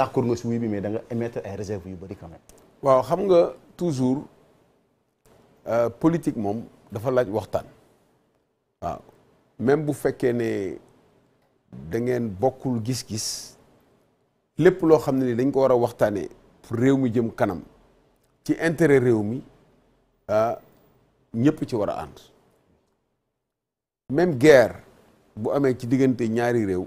d'accord nga si bi mais da nga émettre ay réserve yu bari quand même. waaw xam nga toujours euh, politique mom dafa laaj waxtaan. waaw même bu fekkee ne da ngeen bokkul gis-gis lépp loo xam ne ni dañ ko war a waxtaanee pour réew mi jëm kanam ci intérêt réew mi ah, ñëpp ci war a ànd même guerre bu amee ci diggante ñaari réew.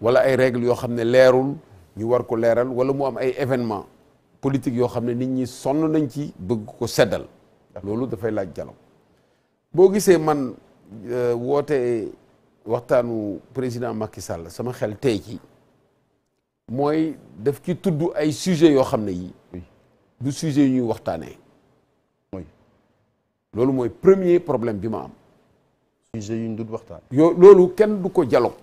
wala ay règles yoo xam ne leerul ñu war ko leeral wala mu am ay événement politique yoo xam ne nit ñi sonn nañ ci bëgg ko seddal loolu dafay laaj dialogue boo gisee man euh, woote waxtaanu président Macky Sall sama xel tey ci mooy daf ci tudd ay sujet yoo xam ne yi du sujet yu ñuy waxtaanee loolu mooy premier problème bi ma am sujet yu ñu dul waxtaan yoo loolu kenn du ko dialogue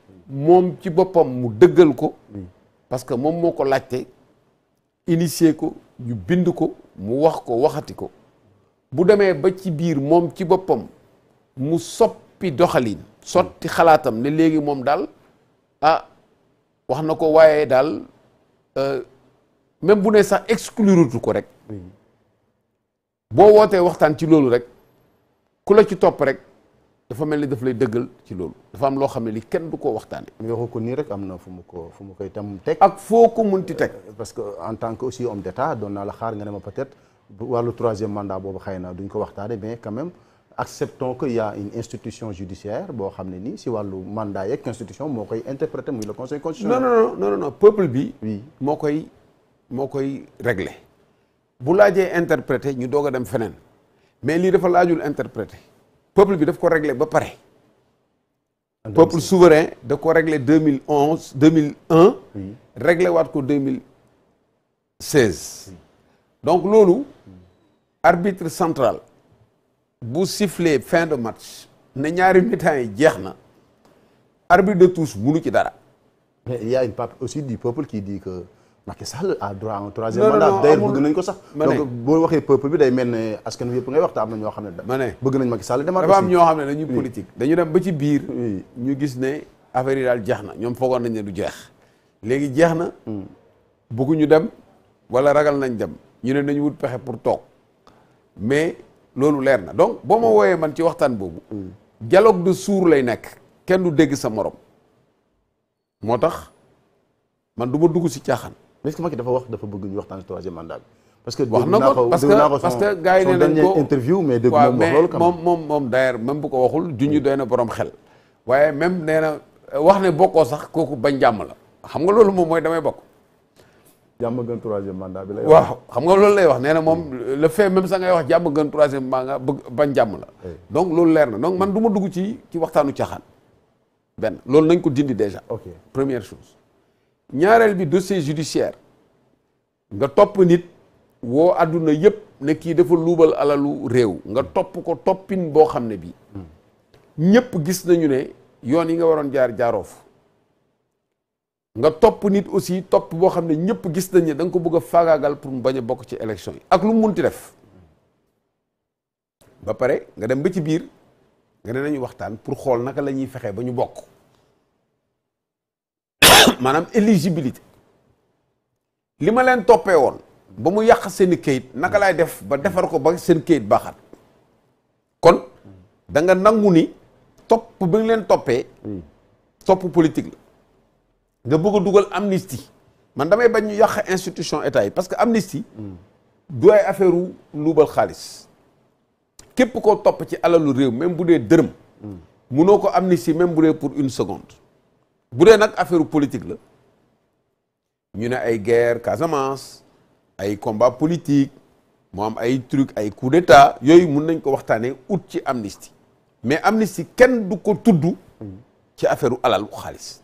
moom ci boppam mu dëggal ko parce que moom moo ko laajte initier ko ñu bind ko mu wax ko waxati ko bu demee ba ci biir moom ci boppam mu soppi doxalin sotti xalaatam ne léegi moom daal ah wax na ko waaye daal euh, même bu ne sax exclurutu ko rek boo wootee waxtaan ci loolu rek ku la ci topp rek dafa mel ni daf lay dëggal ci loolu dafa am lo xam li kenn du ko waxtane mi waxu ko nii rek amna na fu mu ko fu mu koy tam tek ak foko ko munti teg parce que en tant que aussi homme d'état doon naa la xaar nga ne ma peut-être walu 3e mandat bobu xëy duñ ko waxtane mais quand même acceptons que y a une institution judiciaire bo xam ni si walu mandat yeeg institution moo koy interprété muy le conseil constitutionnel non non non non non peuple bi oui moo koy moo koy réglé bu laajee interpréter ñu doga dem fenen mais li dafa laajul interpréter peuple bi daf ko Le peuple souverain doit ko 2011, 2001, régler régler donc l'OLU, arbitre central. bu sifflez fin de match. ne ñaari mi-temps arbitre de tous vous ci dara. mais il y a aussi du peuple qui dit que. Macky Sall a droit à ko sax donc boo waxee peuple bi day mel ne askan wi yëpp ngay wax te xam ne ma ne bëgg nañ Macky Sall demaat dafa am ñoo xam ne dañuy politique dañu dem ba ci biir ñu gis ne affaire yi daal jeex na ñoom foogoon nañ ne du jeex léegi jeex na mm. bëgguñu dem wala ragal nañ dem ñu ne nañu wut pexe pour toog mais loolu leer na donc boo ma mm. wooyee man ci waxtaan boobu jaloog mm. de suur lay nekk kenn du dégg sa morom moo tax man du ma dugg si caaxaan mais est-ce que Macky dafa wax dafa bëgg ñu waxtaan ci troisième mandat parce que wax na ko parce que parce que gaay ne ko interview mais dégg mom wax lolu kam mom mom d'ailleurs même bu ko waxul junj doyna borom xel. waye même nee wax ne bokkoo sax koku bañ jàmm la xam nga lolu mom moy damay bokk. jàmm gën troisième mandat bi lay wax xam nga lolu lay wax nee mom le fait même sa ngay wax jàmm gën troisième mandat bañ jàmm la. donc lolu leer na donc man duma dugg ci ci ci xaan ben lolu nañ ko dindi déjà. ok première chose. ñaarel bi dossier judiciaire nga top nit wo aduna yep ne kii dafa luubal alalu rew nga top ko toppin bo xamne bi ñep gis nañu ne yoon yi nga waron jaar jaarof nga top nit aussi top bo xamne ne gis nañ ne da ko bëgg a pour mu bañ a ci élection yi ak lu mu def ba paré nga dem ba ci biir nga ne nañu waxtaan pour xol naka lañuy fexé bañu bok Madame, éligibilité li qui topé toppee ba mu seen keuyit naka lay def ba ko ba seen keuyit baxat kon da nga ni bi politique nga bëgg a man damay bañ ñu institution état parce que amnistie doit ay affaire képp ko ci alalu même bu même pour une seconde bu dee nag affaire politique la ñu ne ay guerre Casamance ay combat politique mu am ay truc ay coup d'état yooyu mun nañ ko waxtaanee ut ci amnistie mais amnistie kenn du ko tudd ci affaire u alal xaalis